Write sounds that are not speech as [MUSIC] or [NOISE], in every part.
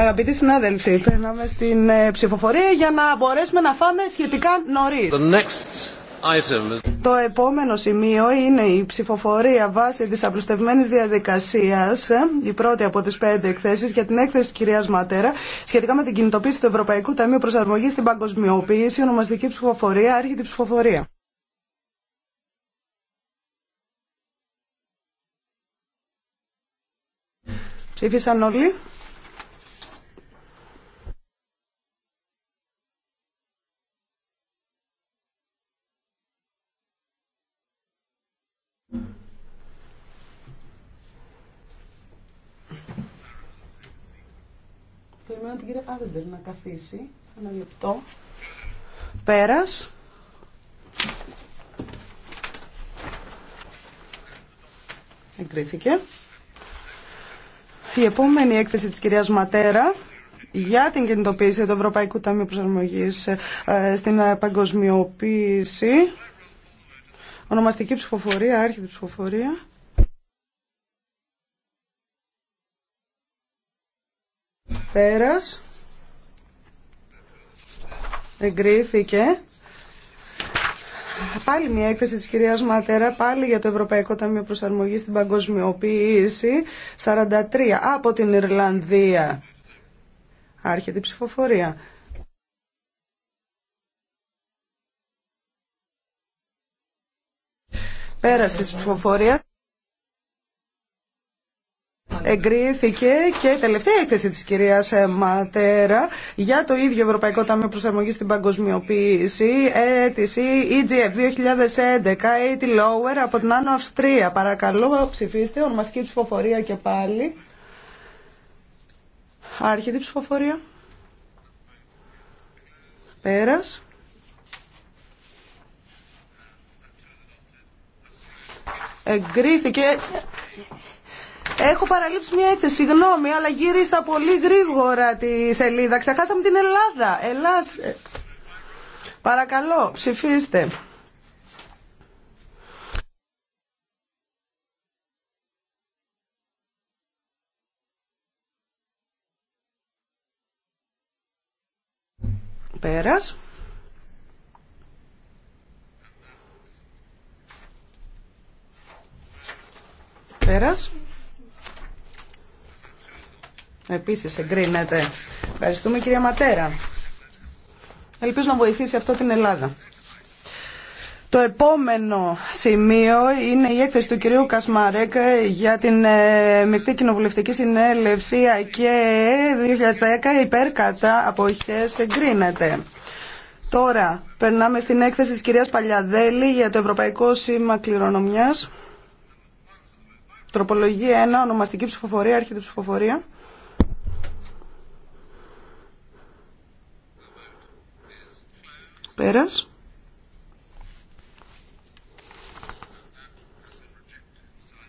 Αγαπητοί συνάδελφοι, περνάμε στην ε, ψηφοφορία για να μπορέσουμε να φάμε σχετικά νωρί. Το επόμενο σημείο είναι η ψηφοφορία βάσει της απλουστευμένης διαδικασίας, ε, η πρώτη από τις πέντε εκθέσεις για την έκθεση της κυρίας Ματέρα, σχετικά με την κινητοποίηση του Ευρωπαϊκού Ταμείου Προσαρμογής στην Παγκοσμιοποίηση, ονομαστική ψηφοφορία, άρχιτη ψηφοφορία. Ψήφισαν όλοι. να καθίσει. Ένα λεπτό. Πέρας. Εγκρίθηκε. Η επόμενη έκθεση της κυρίας Ματέρα για την κινητοποίηση του Ευρωπαϊκού Ταμείου Προσαρμογής ε, στην παγκοσμιοποίηση. Ονομαστική ψηφοφορία, άρχιτη ψηφοφορία. Πέρας εγκρίθηκε. Πάλι μια έκθεση της κυρίας Ματέρα, πάλι για το Ευρωπαϊκό Ταμείο Προσαρμογής στην Παγκοσμιοποίηση, 43 από την Ιρλανδία. Άρχεται η ψηφοφορία. Πέρασε η ψηφοφορία εγκρίθηκε και τελευταία έκθεση της κυρίας Ματέρα για το ίδιο Ευρωπαϊκό Ταμείο Προσαρμογής στην Παγκοσμιοποίηση, αίτηση EGF 2011, 80 Lower από την Άνω Αυστρία. Παρακαλώ ψηφίστε, ονομαστική ψηφοφορία και πάλι. Άρχεται ψηφοφορία. Πέρας. Εγκρίθηκε Έχω παραλείψει μια έκθεση, συγγνώμη, αλλά γύρισα πολύ γρήγορα τη σελίδα. Ξεχάσαμε την Ελλάδα. Ελλάς. Ε, παρακαλώ, ψηφίστε. Πέρας. Πέρας. Επίσης εγκρίνεται. Ευχαριστούμε κυρία Ματέρα. Ελπίζω να βοηθήσει αυτό την Ελλάδα. Το επόμενο σημείο είναι η έκθεση του κυρίου Κασμαρέκ για την ε, Μεκτή Κοινοβουλευτική Συνέλευση και 2010 υπέρ κατά αποχές εγκρίνεται. Τώρα περνάμε στην έκθεση της κυρίας Παλιαδέλη για το Ευρωπαϊκό Σήμα Κληρονομιάς. Τροπολογία 1, ονομαστική ψηφοφορία, της ψηφοφορία. Πέρας.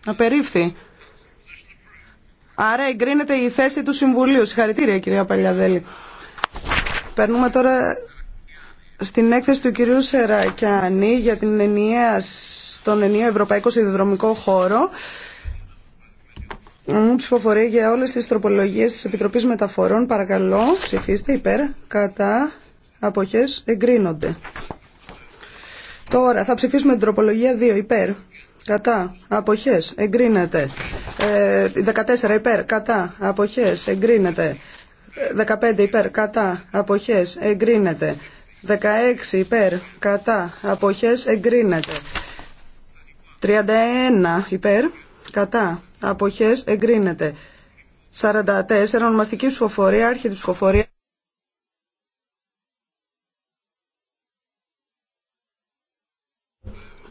Απερίφθη. Άρα εγκρίνεται η θέση του Συμβουλίου. Συγχαρητήρια κυρία Παλιαδέλη. Περνούμε τώρα στην έκθεση του κυρίου Σερακιάνη για την ενιαία, στον ενιαίο Ευρωπαϊκό Σιδηροδρομικό Χώρο. Μου ψηφοφορεί για όλες τις τροπολογίες της Επιτροπής Μεταφορών. Παρακαλώ, ψηφίστε υπέρ, κατά, αποχές εγκρίνονται. Τώρα θα ψηφίσουμε την τροπολογία 2 υπέρ. Κατά. Αποχές. Εγκρίνεται. Ε, 14 υπέρ. Κατά. Αποχές. Εγκρίνεται. 15 υπέρ. Κατά. Αποχές. Εγκρίνεται. 16 υπέρ. Κατά. Αποχές. Εγκρίνεται. 31 υπέρ. Κατά. Αποχές. Εγκρίνεται. 44 ονομαστική ψηφοφορία. Άρχη ψηφοφορία.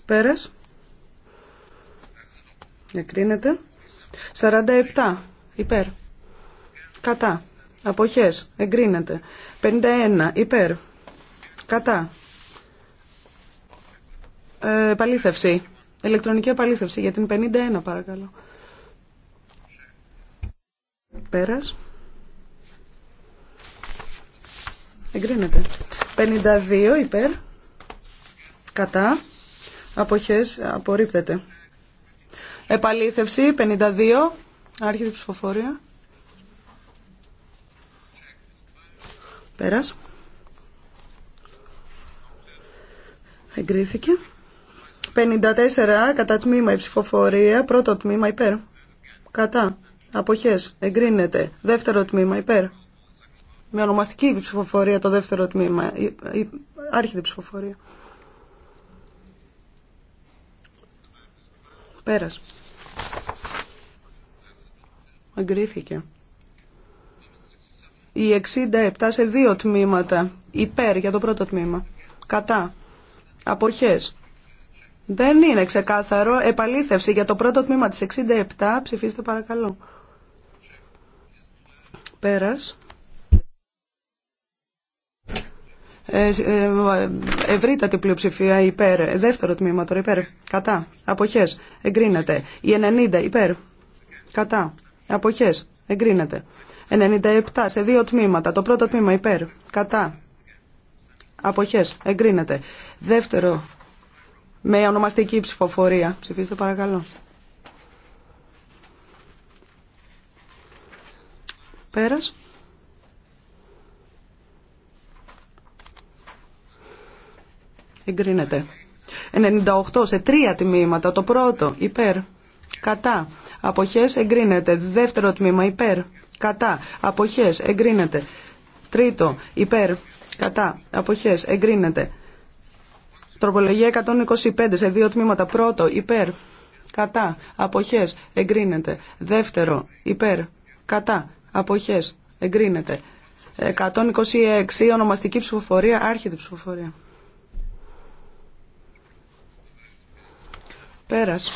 Πέρας. εγκρίνεται, 47. Υπέρ. Κατά. Αποχές. Εγκρίνεται. 51. Υπέρ. Κατά. Ε, επαλήθευση. Ηλεκτρονική επαλήθευση για την 51 παρακαλώ. Πέρας. Εγκρίνεται. 52 υπέρ. Κατά αποχές απορρίπτεται. Επαλήθευση 52, άρχιτη ψηφοφορία. Πέρας. Εγκρίθηκε. 54 κατά τμήμα η ψηφοφορία, πρώτο τμήμα υπέρ. Κατά. Αποχές. Εγκρίνεται. Δεύτερο τμήμα υπέρ. Με ονομαστική ψηφοφορία το δεύτερο τμήμα. άρχιτε ψηφοφορία. Πέρας. Αγκρίθηκε. Η 67 σε δύο τμήματα. Υπέρ για το πρώτο τμήμα. Κατά. Αποχές. Δεν είναι ξεκάθαρο. Επαλήθευση για το πρώτο τμήμα της 67. Ψηφίστε παρακαλώ. Πέρας. Ε, ε, ε, ευρύτατη πλειοψηφία υπέρ. Δεύτερο τμήμα τώρα υπέρ. Κατά. Αποχές. Εγκρίνεται. Η 90 υπέρ. Κατά. Αποχές. Εγκρίνεται. 97 σε δύο τμήματα. Το πρώτο τμήμα υπέρ. Κατά. Αποχές. Εγκρίνεται. Δεύτερο. Με ονομαστική ψηφοφορία. Ψηφίστε παρακαλώ. Πέρας. εγκρίνεται. 98 σε τρία τμήματα. Το πρώτο υπέρ. Κατά. Αποχές εγκρίνεται. Δεύτερο τμήμα υπέρ. Κατά. Αποχές εγκρίνεται. Τρίτο υπέρ. Κατά. Αποχές εγκρίνεται. Τροπολογία 125 σε δύο τμήματα. Πρώτο υπέρ. Κατά. Αποχές εγκρίνεται. Δεύτερο υπέρ. Κατά. Αποχές εγκρίνεται. 126 ονομαστική ψηφοφορία. Άρχεται ψηφοφορία. Πέρας.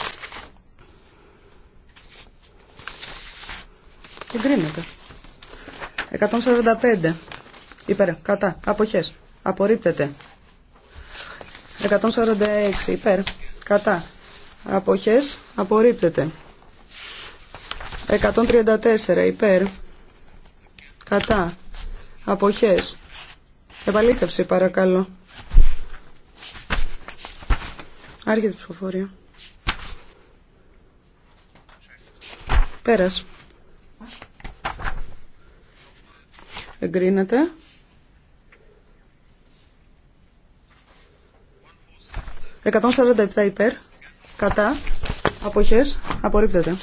Εγκρίνεται. 145. Υπέρ. Κατά. Αποχές. Απορρίπτεται. 146. Υπέρ. Κατά. Αποχές. Απορρίπτεται. 134. Υπέρ. Κατά. Αποχές. Επαλήθευση παρακαλώ. Άρχεται ψηφοφορία. Πέρας. Εγκρίνεται. 147 υπέρ. Κατά. Αποχές. Απορρίπτεται.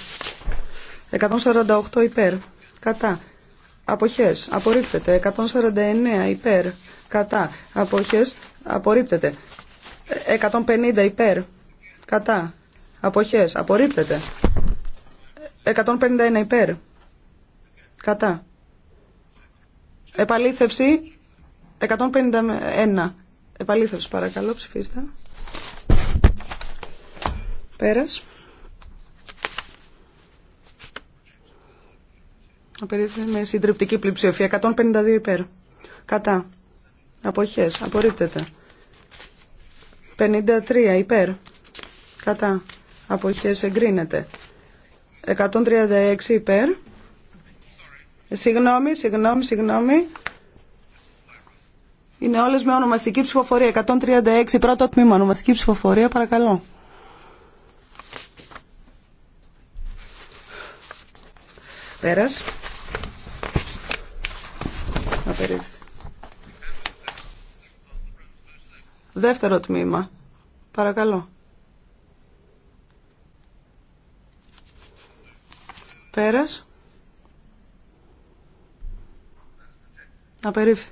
148 υπέρ. Κατά. Αποχές. Απορρίπτεται. 149 υπέρ. Κατά. Αποχές. Απορρίπτεται. 150 υπέρ. Κατά. Αποχές. Απορρίπτεται. 151 υπέρ. Κατά. Επαλήθευση 151. Επαλήθευση παρακαλώ ψηφίστε. Πέρας. Απερίφθη με συντριπτική πλειοψηφία. 152 υπέρ. Κατά. Αποχές. Απορρίπτεται. 53 υπέρ. Κατά. Αποχές εγκρίνεται. 136 υπέρ. Συγγνώμη, συγγνώμη, συγγνώμη. Είναι όλες με ονομαστική ψηφοφορία. 136 πρώτο τμήμα ονομαστική ψηφοφορία. Παρακαλώ. Πέρας. Δεύτερο τμήμα. Παρακαλώ. Πέρας. Απερίφθη.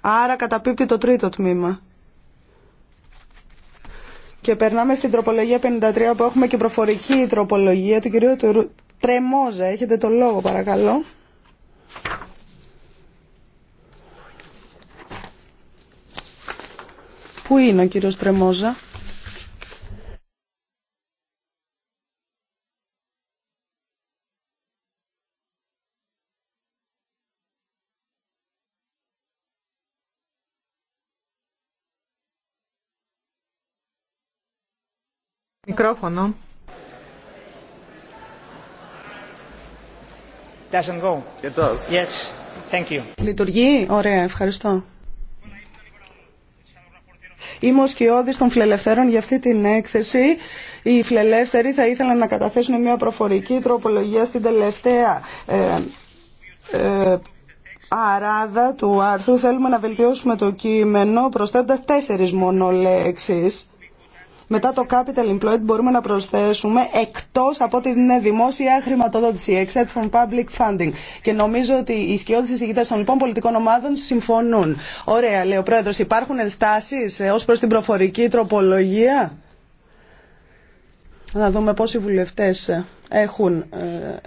Άρα καταπίπτει το τρίτο τμήμα. Και περνάμε στην τροπολογία 53 που έχουμε και προφορική τροπολογία του κυρίου του... Τρεμόζα. Έχετε το λόγο παρακαλώ. Πού είναι ο κύριος Τρεμόζα. Doesn't go. It does. Yes. Thank you. Λειτουργεί. Ωραία. Ευχαριστώ. Είμαι ο Σκιώδης των Φιλελευθέρων για αυτή την έκθεση. Οι Φιλελεύθεροι θα ήθελαν να καταθέσουν μια προφορική τροπολογία στην τελευταία ε, ε αράδα του άρθρου. Θέλουμε να βελτιώσουμε το κείμενο προσθέτοντας τέσσερις μονολέξεις. Μετά το capital employed μπορούμε να προσθέσουμε εκτός από ότι είναι δημόσια χρηματοδότηση, except from public funding. Και νομίζω ότι οι σκιώδεις εισηγητές των λοιπόν πολιτικών ομάδων συμφωνούν. Ωραία, λέει ο Πρόεδρος, υπάρχουν ενστάσεις ε, ως προς την προφορική τροπολογία. Να δούμε πόσοι βουλευτές ε, έχουν ε,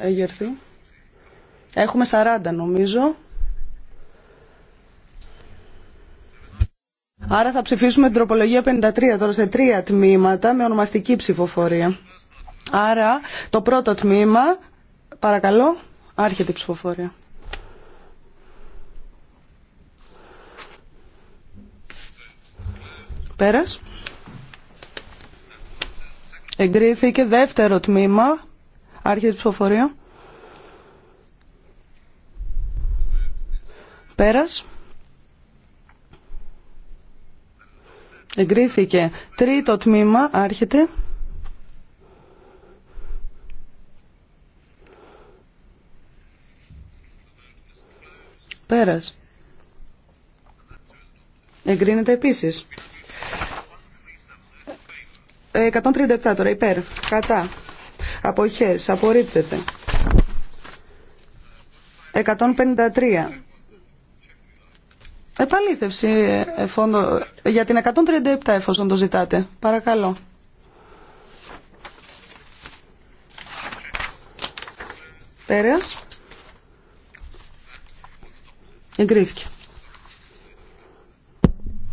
εγερθεί. Έχουμε 40 νομίζω. Άρα θα ψηφίσουμε την τροπολογία 53 τώρα σε τρία τμήματα με ονομαστική ψηφοφορία. Άρα το πρώτο τμήμα, παρακαλώ, άρχεται η ψηφοφορία. Πέρας. Εγκρίθηκε δεύτερο τμήμα, άρχεται η ψηφοφορία. Πέρας. Εγκρίθηκε. Τρίτο τμήμα. Άρχεται. Πέρας. Εγκρίνεται επίσης. 137 τώρα υπέρ. Κατά. Αποχές. Απορρίπτεται. 153 Επαλήθευση εφόνο, ε, για την 137 εφόσον το ζητάτε. Παρακαλώ. Πέρας. Εγκρίθηκε.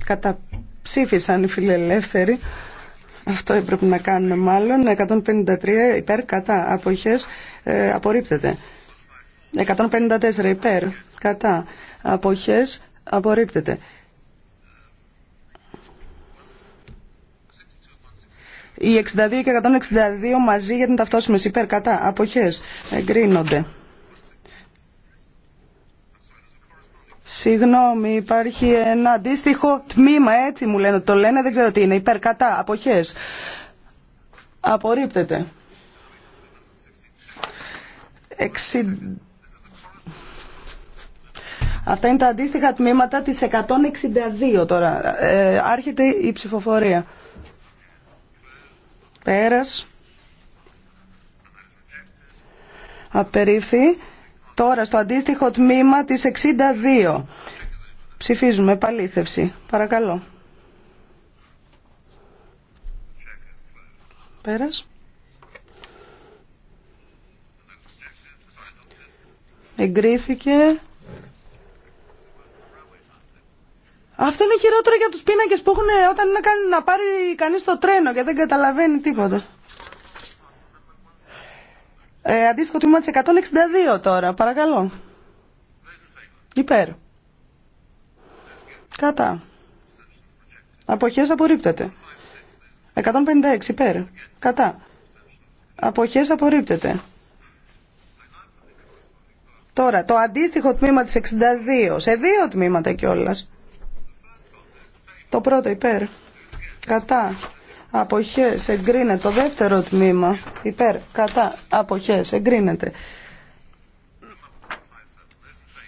Καταψήφισαν οι φιλελεύθεροι. Αυτό έπρεπε να κάνουμε μάλλον. 153 υπέρ κατά. Αποχές ε, απορρίπτεται. 154 υπέρ κατά. Αποχές Απορρίπτεται. 62 και 162 μαζί για την ταυτόσιμες υπέρ κατά αποχές εγκρίνονται. Συγγνώμη, υπάρχει ένα αντίστοιχο τμήμα, έτσι μου λένε, το λένε, δεν ξέρω τι είναι, υπέρ κατά, αποχές. Απορρίπτεται. Αυτά είναι τα αντίστοιχα τμήματα της 162 τώρα. Ε, άρχεται η ψηφοφορία. Πέρας. Απερίφθη. Τώρα στο αντίστοιχο τμήμα της 62. Ψηφίζουμε επαλήθευση. Παρακαλώ. Πέρας. Εγκρίθηκε. Αυτό είναι χειρότερο για τους πίνακες που έχουν ε, όταν είναι να πάρει κανείς το τρένο και δεν καταλαβαίνει τίποτα. Ε, αντίστοιχο τμήμα της 162 τώρα, παρακαλώ. Υπέρ. Κατά. Αποχές απορρίπτεται. 156 υπέρ. Κατά. Αποχές απορρίπτεται. Τώρα, το αντίστοιχο τμήμα της 62, σε δύο τμήματα κιόλας. Το πρώτο υπέρ. Κατά. Αποχές εγκρίνεται. Το δεύτερο τμήμα υπέρ. Κατά. Αποχές εγκρίνεται.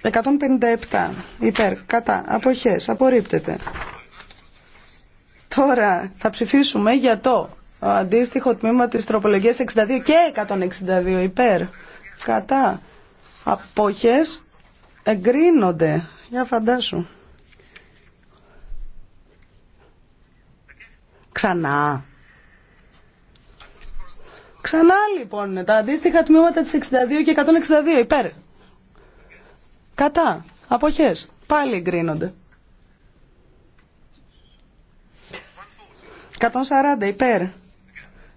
157 υπέρ. Κατά. Αποχές απορρίπτεται. Τώρα θα ψηφίσουμε για το αντίστοιχο τμήμα της τροπολογίας 62 και 162 υπέρ. Κατά. Αποχές εγκρίνονται. Για φαντάσου. Ξανά. Ξανά λοιπόν τα αντίστοιχα τμήματα της 62 και 162 υπέρ. Κατά. Αποχές. Πάλι εγκρίνονται. 140 υπέρ.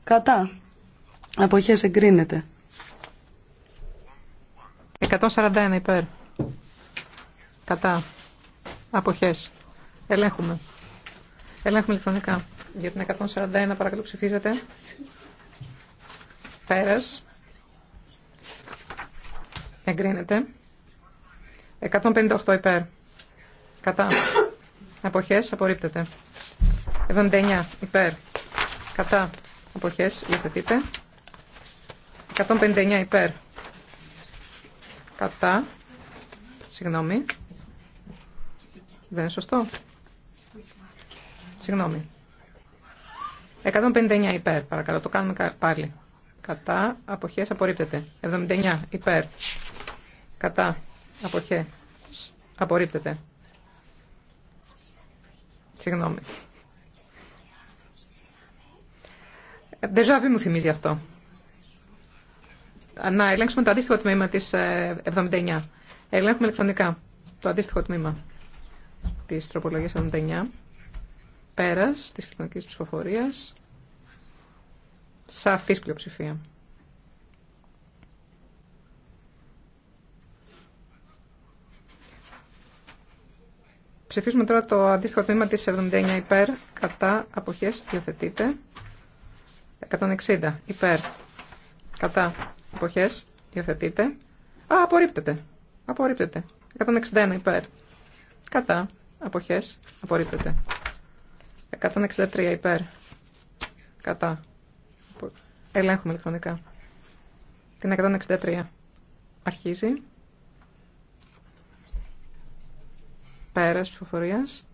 Κατά. Αποχές εγκρίνεται. 141 υπέρ. Κατά. Αποχές. Ελέγχουμε. Ελέγχουμε ηλεκτρονικά. Για την 141 παρακαλώ ψηφίζετε. Πέρας. Εγκρίνεται. 158 υπέρ. Κατά. Αποχές απορρίπτεται. 79 υπέρ. Κατά. Αποχές υιοθετείται. 159 υπέρ. Κατά. Συγγνώμη. Δεν είναι σωστό. Συγγνώμη. 159 υπέρ, παρακαλώ, το κάνουμε πάλι. Κατά, απόχέ, απορρίπτεται. 79 υπέρ, κατά, αποχέ, απορρίπτεται. Συγγνώμη. ζωαβή ε, μου θυμίζει αυτό. Να ελέγξουμε το αντίστοιχο τμήμα της 79. Ε, Ελέγχουμε ηλεκτρονικά το αντίστοιχο τμήμα της τροπολογίας 79. Πέρας της κοινωνικής ψηφοφορίας. Σαφής πλειοψηφία. Ψηφίζουμε τώρα το αντίστοιχο τμήμα της 79 υπέρ, κατά, αποχές, υιοθετείται. 160 υπέρ, κατά, αποχές, υιοθετείται. Α, απορρίπτεται. Απορρίπτεται. 161 υπέρ. Κατά, αποχές, απορρίπτεται. 163 υπέρ. Κατά. Ελέγχουμε ηλεκτρονικά. Την 163. Αρχίζει. Πέρας ψηφοφορίας.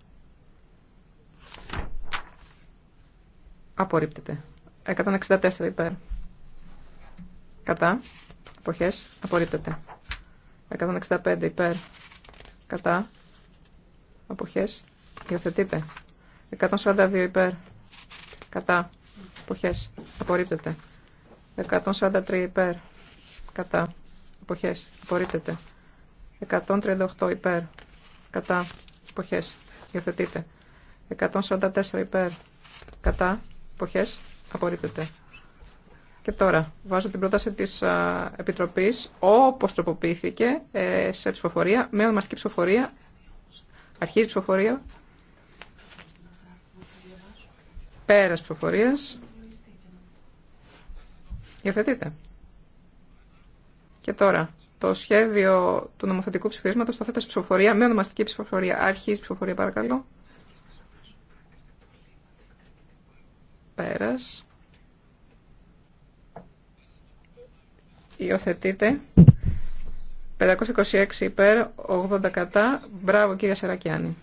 Απορρίπτεται. 164 υπέρ. Κατά. Εποχές. Απορρίπτεται. 165 υπέρ. Κατά. Αποχές. Υιοθετείται. 142 υπέρ. Κατά. Εποχές. Απορρίπτεται. 143 υπέρ. Κατά. Εποχές. Απορρίπτεται. 138 υπέρ. Κατά. Εποχές. Υιοθετείται. 144 υπέρ. Κατά. Εποχές. Απορρίπτεται. Και τώρα βάζω την πρόταση της α, Επιτροπής όπως τροποποιήθηκε ε, σε ψηφοφορία, με ονομαστική ψηφοφορία. Αρχίζει ψηφοφορία. Πέρας προφορίας. Υιοθετείτε. Και τώρα, το σχέδιο του νομοθετικού ψηφίσματος το θέτω σε ψηφοφορία, με ονομαστική ψηφοφορία. Αρχής ψηφοφορία, παρακαλώ. Πέρας. Υιοθετείτε. 526 υπέρ, 80 κατά. Μπράβο κύριε Σερακιάνη.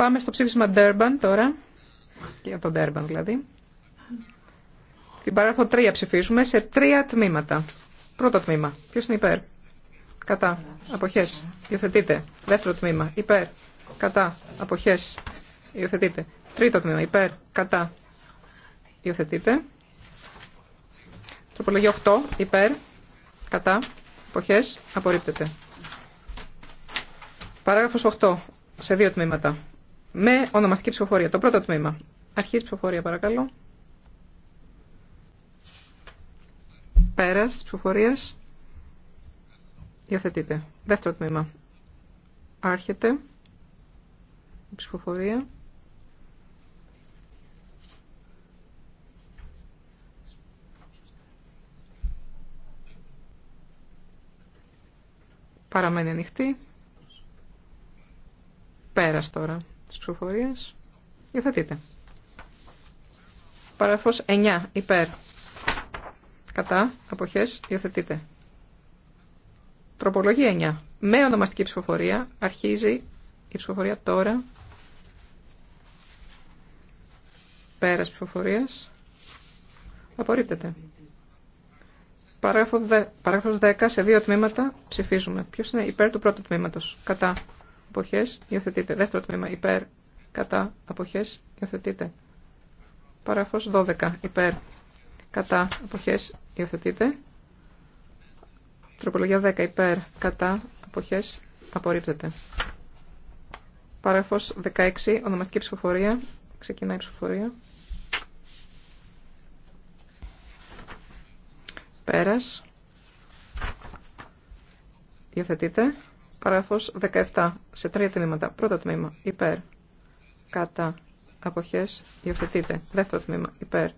Πάμε στο ψήφισμα Durban τώρα, για τον Durban δηλαδή. Την παράγραφο 3 ψηφίζουμε σε τρία τμήματα. Πρώτο τμήμα. Ποιο είναι υπέρ. Κατά. Αποχέ. Υιοθετείτε. Δεύτερο τμήμα. Υπέρ. Κατά. Αποχέ. Υιοθετείτε. Τρίτο τμήμα. Υπέρ. Κατά. Υιοθετείτε. Τροπολογία 8. Υπέρ. Κατά. Αποχέ. Απορρίπτεται. Παράγραφο 8. Σε δύο τμήματα με ονομαστική ψηφοφορία. Το πρώτο τμήμα. Αρχής ψηφοφορία παρακαλώ. Πέρας της ψηφοφορίας. Υιοθετείτε. Δεύτερο τμήμα. Άρχεται η ψηφοφορία. Παραμένει ανοιχτή. Πέρας τώρα. Τη ψηφοφορία Υιοθετείτε. Παράγραφος 9. Υπέρ. Κατά. αποχέ, Υιοθετείτε. Τροπολογία 9. Με ονομαστική ψηφοφορία αρχίζει η ψηφοφορία τώρα. Πέρα ψηφοφορία Απορρίπτεται. Παράγραφος 10 σε δύο τμήματα ψηφίζουμε. Ποιος είναι υπέρ του πρώτου τμήματος. Κατά αποχές υιοθετείτε. Δεύτερο τμήμα υπέρ κατά αποχές υιοθετείτε. Παράγραφος 12 υπέρ κατά αποχές υιοθετείτε. Τροπολογία 10 υπέρ κατά αποχές απορρίπτεται. Παράγραφος 16 ονομαστική ψηφοφορία. Ξεκινάει η ψηφοφορία. Πέρας. Υιοθετείται. Παράγραφος 17. Σε τρία τμήματα. Πρώτο τμήμα. Υπέρ. Κατά. Αποχές. Υιοθετείτε. Δεύτερο τμήμα. Υπέρ.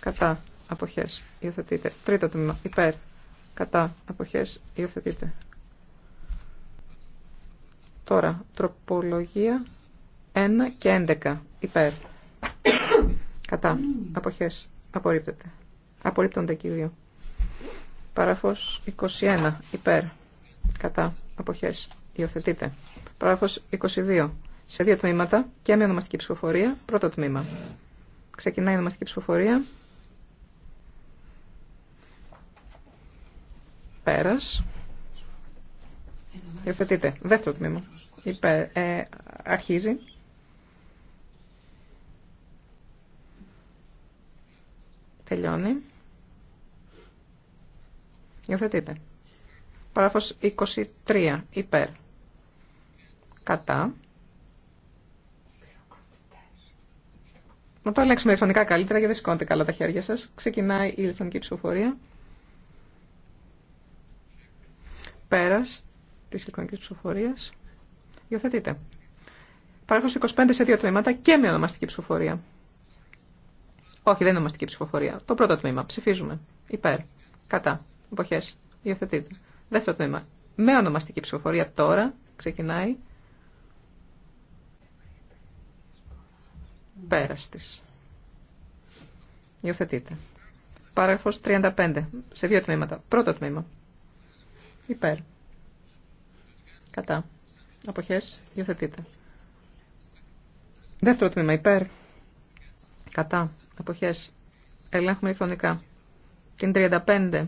Κατά. Αποχές. Υιοθετείτε. Τρίτο τμήμα. Υπέρ. Κατά. Αποχές. Υιοθετείτε. Τώρα. Τροπολογία 1 και 11. Υπέρ. Κατά. Αποχές. Απορρίπτεται. Απορρίπτονται και οι δύο. Παράγραφος 21. Υπέρ. Κατά αποχέ. Υιοθετείτε. Πράγμα 22. Σε δύο τμήματα και με ονομαστική ψηφοφορία. Πρώτο τμήμα. Ξεκινάει η ονομαστική ψηφοφορία. Πέρας. Υιοθετείτε. Δεύτερο τμήμα. ε, αρχίζει. Τελειώνει. Υιοθετείτε. Παράγραφος 23. Υπέρ. Κατά. Να το αλλάξουμε ηλεκτρονικά καλύτερα γιατί δεν σηκώνετε καλά τα χέρια σας. Ξεκινάει η ηλεκτρονική ψηφοφορία. Πέρας της ηλεκτρονικής ψηφοφορίας. Υιοθετείτε. Παράγραφος 25 σε δύο τμήματα και με ονομαστική ψηφοφορία. Όχι, δεν είναι ονομαστική ψηφοφορία. Το πρώτο τμήμα. Ψηφίζουμε. Υπέρ. Κατά. Εποχές. Υιοθετείτε. Δεύτερο τμήμα. Με ονομαστική ψηφοφορία τώρα ξεκινάει. Πέραστη. Υιοθετείτε. 35. Σε δύο τμήματα. Πρώτο τμήμα. Υπέρ. Κατά. Αποχές. Υιοθετείτε. Δεύτερο τμήμα. Υπέρ. Κατά. Αποχές. Ελέγχουμε ηλεκτρονικά. Την 35.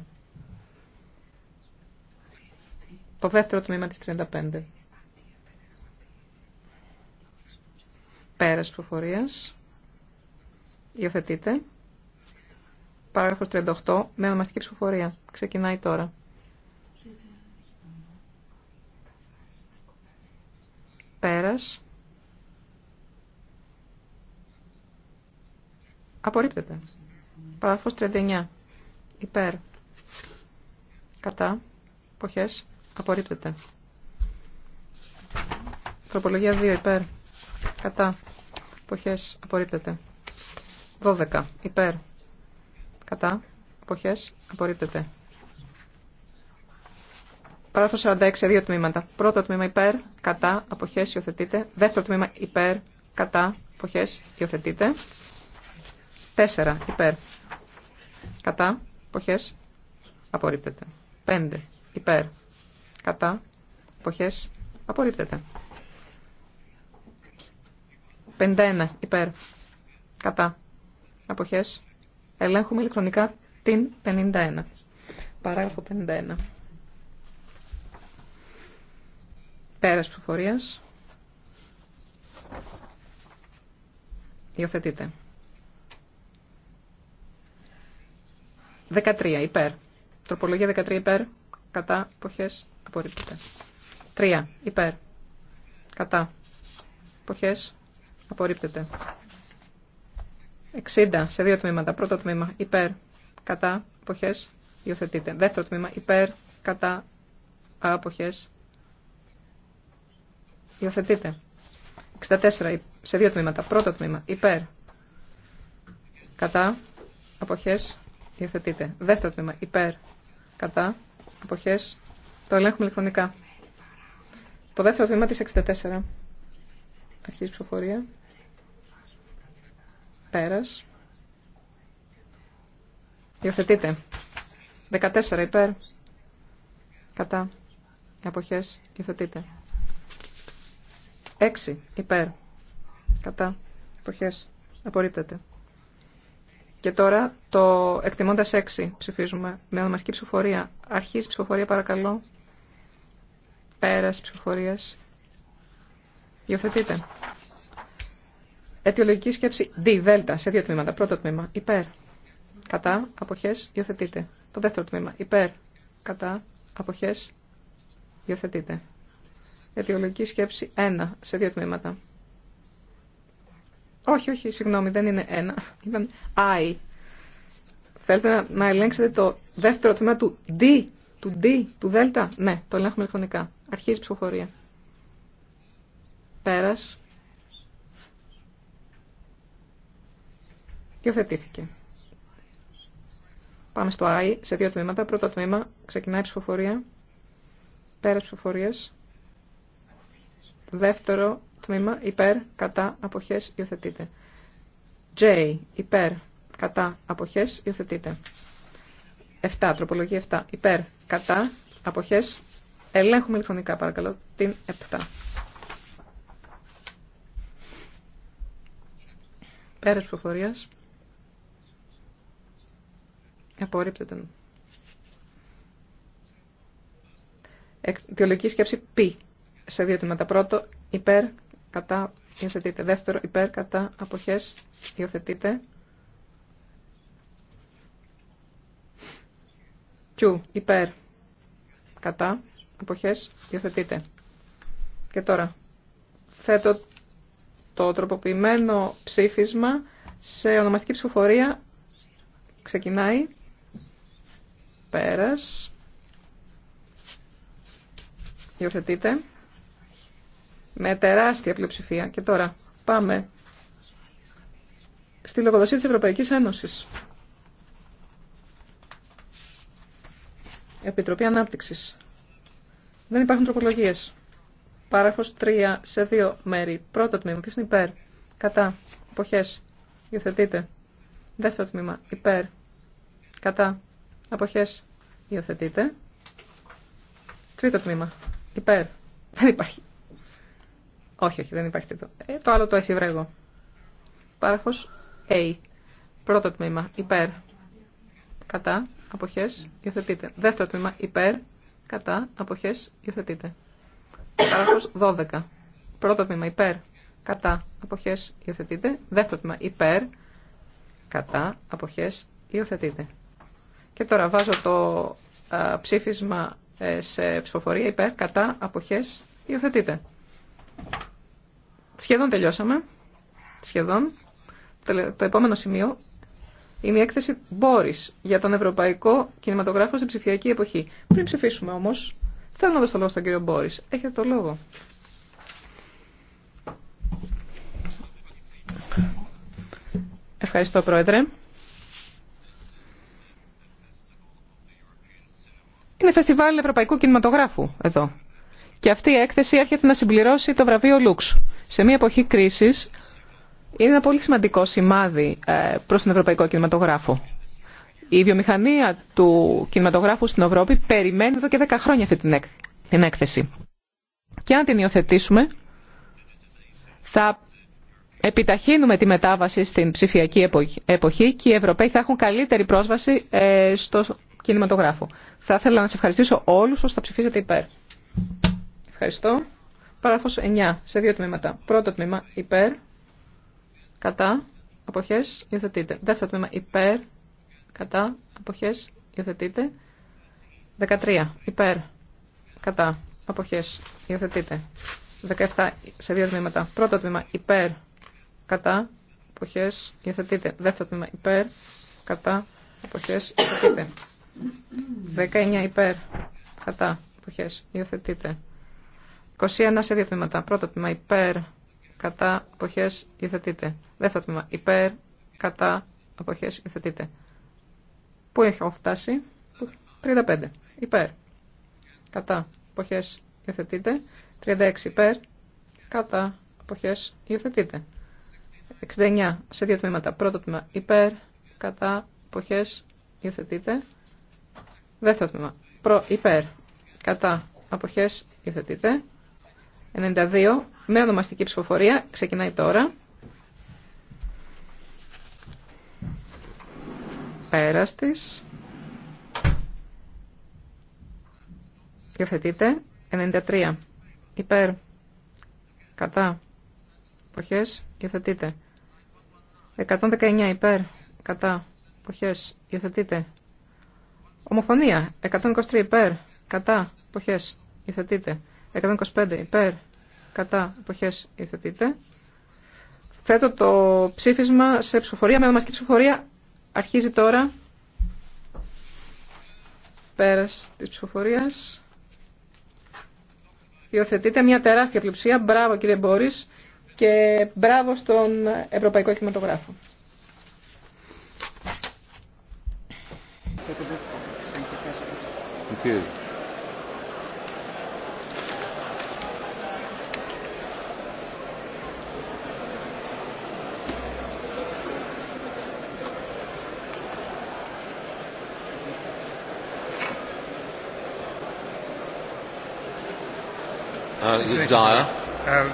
το δεύτερο τμήμα της 35. Πέρας προφορίας. Υιοθετείτε. Παράγραφος 38 με ονομαστική ψηφοφορία. Ξεκινάει τώρα. Πέρας. Απορρίπτεται. Παράγραφος 39. Υπέρ. Κατά. Εποχές. Απορρίπτεται. Τροπολογία 2 υπέρ. Κατά. Εποχές. Απορρίπτεται. 12 υπέρ. Κατά. Εποχές. Απορρίπτεται. Παράγραφο 46, δύο τμήματα. Πρώτο τμήμα υπέρ, κατά, αποχές, υιοθετείται. Δεύτερο τμήμα υπέρ, κατά, αποχές, υιοθετείται. 4 υπέρ, κατά, αποχές, απορρίπτεται. 5 υπέρ, Κατά. εποχές Απορρίπτεται. 51. Υπέρ. Κατά. εποχές. Ελέγχουμε ηλεκτρονικά την 51. Παράγραφο 51. Πέρας ψηφοφορίας. Υιοθετείτε. 13. Υπέρ. Τροπολογία 13 υπέρ. Κατά. εποχές. Απορρίπτεται. τρία. Υπέρ. Κατά. Αποχές. Απορρίπτεται. 60. Σε δύο τμήματα. Πρώτο τμήμα. Υπέρ. Κατά. Αποχές. Υιοθετείται. Δεύτερο τμήμα. Υπέρ. Κατά. Αποχές. Υιοθετείται. 64. Σε δύο τμήματα. Πρώτο τμήμα. Υπέρ. Κατά. Αποχές. Υιοθετείται. Δεύτερο τμήμα. Υπέρ. Κατά. Αποχές. Το ελέγχουμε ηλεκτρονικά. Το δεύτερο βήμα τη 64. Αρχής ψηφοφορία. Πέρα. Υιοθετείτε. 14 υπέρ. Κατά. Αποχέ. Υιοθετείτε. 6 υπέρ. Κατά. Αποχέ. Απορρίπτεται. Και τώρα το εκτιμώντα 6 ψηφίζουμε με ονομαστική ψηφοφορία. Αρχής ψηφοφορία παρακαλώ. Πέρας ψηφοφορίας. Υιοθετείτε. Αιτιολογική σκέψη D, δέλτα, σε δύο τμήματα. Πρώτο τμήμα, υπέρ. Κατά, αποχές, υιοθετείτε. Το δεύτερο τμήμα, υπέρ. Κατά, αποχές, υιοθετείτε. Αιτιολογική σκέψη 1, σε δύο τμήματα. Όχι, όχι, συγγνώμη, δεν είναι ένα. [LAUGHS] Ήταν I. Θέλετε να ελέγξετε το δεύτερο τμήμα του D, του D, του δέλτα. Ναι, το ελέγχουμε ηλεκτρονικά. Αρχίζει η ψηφοφορία. Πέρας. Υιοθετήθηκε. Πάμε στο I σε δύο τμήματα. Πρώτο τμήμα ξεκινάει η ψηφοφορία. Πέρας ψηφοφορίας. Δεύτερο τμήμα υπέρ, κατά, αποχές, υιοθετείται. J, υπέρ, κατά, αποχές, υιοθετείται. 7, τροπολογία 7, υπέρ, κατά, αποχές, Ελέγχουμε ηλεκτρονικά παρακαλώ την 7. Πέρας ψηφοφορίας. Απορρίπτεται. Διολογική σκέψη π. Σε δύο τμήματα. Πρώτο, υπέρ, κατά, υιοθετείτε. Δεύτερο, υπέρ, κατά, αποχές, υιοθετείτε. Q, υπέρ, κατά, Εποχές, διοθετείτε. Και τώρα θέτω το τροποποιημένο ψήφισμα σε ονομαστική ψηφοφορία. Ξεκινάει. Πέρας. διοθετείτε, Με τεράστια πλειοψηφία. Και τώρα πάμε στη λογοδοσία της Ευρωπαϊκής Ένωσης. Επιτροπή Ανάπτυξης. Δεν υπάρχουν τροπολογίες. Πάραφο 3 σε δύο μέρη. Πρώτο τμήμα. ποιο είναι υπέρ. Κατά. Αποχές. Υιοθετείτε. Δεύτερο τμήμα. Υπέρ. Κατά. Αποχές. Υιοθετείτε. Τρίτο τμήμα. Υπέρ. [LAUGHS] Δεν υπάρχει. Όχι, όχι, δεν υπάρχει τίποτα. Ε, το άλλο το εφηβρέγω. Πάραχος A. Πρώτο τμήμα. Υπέρ. Κατά. Αποχές. Υιοθετείτε. Δεύτερο τμήμα. Υπέρ κατά, αποχές, υιοθετείτε. Παράγραφος 12. Πρώτο τμήμα υπέρ, κατά, αποχές, υιοθετείτε. Δεύτερο τμήμα υπέρ, κατά, αποχές, υιοθετείτε. Και τώρα βάζω το ψήφισμα ε, σε ψηφοφορία υπέρ, κατά, αποχές, υιοθετείτε. Σχεδόν τελειώσαμε. Σχεδόν. το επόμενο σημείο είναι η έκθεση Μπόρις για τον Ευρωπαϊκό Κινηματογράφο στην ψηφιακή εποχή. Πριν ψηφίσουμε όμως, θέλω να δώσω το λόγο στον κύριο Μπόρις. Έχετε το λόγο. Ευχαριστώ, Πρόεδρε. Είναι φεστιβάλ Ευρωπαϊκού Κινηματογράφου εδώ. Και αυτή η έκθεση έρχεται να συμπληρώσει το βραβείο Λουξ. Σε μια εποχή κρίσης είναι ένα πολύ σημαντικό σημάδι ε, προς τον ευρωπαϊκό κινηματογράφο. Η βιομηχανία του κινηματογράφου στην Ευρώπη περιμένει εδώ και 10 χρόνια αυτή την έκθεση. Και αν την υιοθετήσουμε, θα επιταχύνουμε τη μετάβαση στην ψηφιακή εποχή και οι Ευρωπαίοι θα έχουν καλύτερη πρόσβαση ε, στο κινηματογράφο. Θα ήθελα να σας ευχαριστήσω όλους όσους θα ψηφίσετε υπέρ. Ευχαριστώ. Παράγραφος 9, σε δύο τμήματα. Πρώτο τμήμα, υπέρ κατά, αποχές, υιοθετείτε. Δεύτερο τμήμα υπέρ, κατά, αποχές, υιοθετείτε. 13. Υπέρ, κατά, αποχές, υιοθετείτε. 17. Σε δύο τμήματα. Πρώτο τμήμα υπέρ, κατά, αποχές, υιοθετείτε. Δεύτερο τμήμα υπέρ, κατά, αποχές, υιοθετείτε. 19. Υπέρ, κατά, αποχές, υιοθετείτε. 21. Σε δύο τμήματα. Πρώτο τμήμα υπέρ, κατά αποχές υιοθετείτε. Δεύτερο τμήμα υπέρ κατά αποχές υιοθετείτε. Πού έχω φτάσει. 35 υπέρ κατά αποχές υιοθετείτε. 36 υπέρ κατά αποχές υιοθετείτε. 69 σε δύο τμήματα. Πρώτο τμήμα υπέρ κατά αποχές υιοθετείτε Δεύτερο τμήμα προ, υπέρ κατά αποχές υιοθετείτε. 92 με ονομαστική ψηφοφορία. Ξεκινάει τώρα. Πέρας της. Υιοθετείτε. 93. Υπέρ. Κατά. Εποχές. Υιοθετείτε. 119. Υπέρ. Κατά. Εποχές. Υιοθετείτε. Ομοφωνία. 123. Υπέρ. Κατά. Εποχές. Υιοθετείτε. 125. Υπέρ κατά εποχές υιοθετείται. Θέτω το ψήφισμα σε ψηφοφορία. Με η ψηφοφορία αρχίζει τώρα. Πέρας της ψηφοφορία Υιοθετείτε μια τεράστια πλειοψηφία. Μπράβο κύριε Μπόρις και μπράβο στον Ευρωπαϊκό Κινηματογράφο. Um,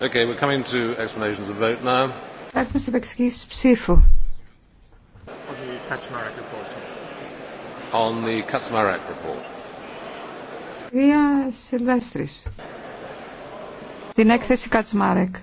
Okay, we're coming to explanations of vote now. Θα έρθουμε στις επεξηγήσεις ψήφου. On the Katsmarek report. Κυρία Σιλβέστρης. Την έκθεση Κατσμάρεκ.